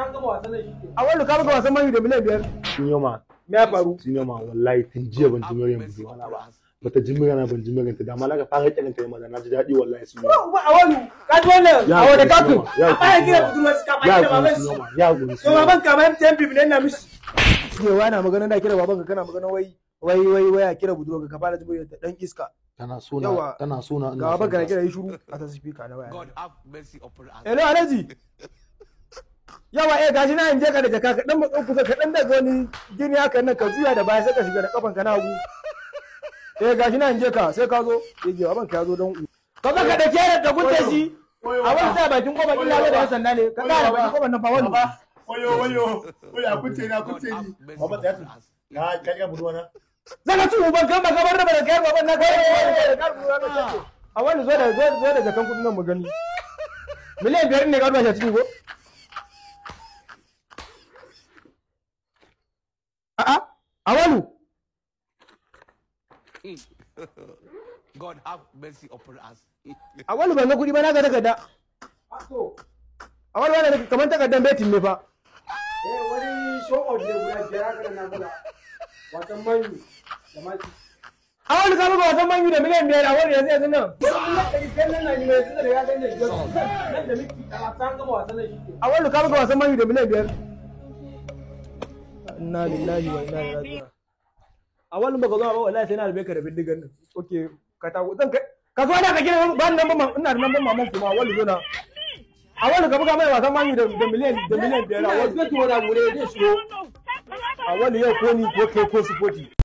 a wani ka buga wasan mayu da miliyan biyar sinyoma me ya faru sinyoma wallahi tun jiya ban ji miliyan biyar ba bata ji magana ban ji magana da malaka ta haƙe kanta yamma da na ji daɗi wallahi sun yi a wani ka ji wannan a wani kafin a bayan gina budurwa su kama da baban su ya gudu to baban ban bayan tempi bilen na mishi ne wai na magana da kira baban ka kana magana wai wai wai wai a kira budurwa ka fara zubo ta dan iska tana suna. tana sona ga baban ka kira yi shuru a ta speaker na waya hello alaji yawa eh gashi na inje ka da jaka ka dan mu kusa ka dan daga wani gini haka nan ka juya da baya sai ka shiga da kafan ka na hagu eh gashi na inje ka sai ka zo eh, ya je abin ka zo don ka ga ka da kera da gunta shi a wani da bakin kofar illa da hasan ne ka ga bakin kofar nan fa wani oyo wayo wayo kunce a kunce ni baba tsaya tun ka ka ga buruwa na zaka ci uban kan ba gabar da ba da kayar baban na kai a wani zo da zo da zakan kudin nan mu gani miliyan biyar ne ka ba shi ciki ko Awalu. God have mercy upon us. Awalu ban ga kuɗi ba na ga takarda. Awalu ba na kamar takardan betin ne fa. Eh wani show out the guda biyar haka na kula. Wasan manyu Awalu ka buga wasan manyu da miliyan biyar awalu yanzu yanzu nan. Awalu ka buga wasan manyu da miliyan biyar. inna lillahi wa inna ilaihi raji'un a wannan baka zo ba wallahi sai na rabe ka da bindigan nan oke ka ta zan kai ka zo da ka gina ba nan ba ina da nan ba maman kuma wallahi zo na a wani ka buga mai wasan mani da miliyan da miliyan biyar a wani zai tuwa na gure zai shigo a wani yau ko ni ko kai ko su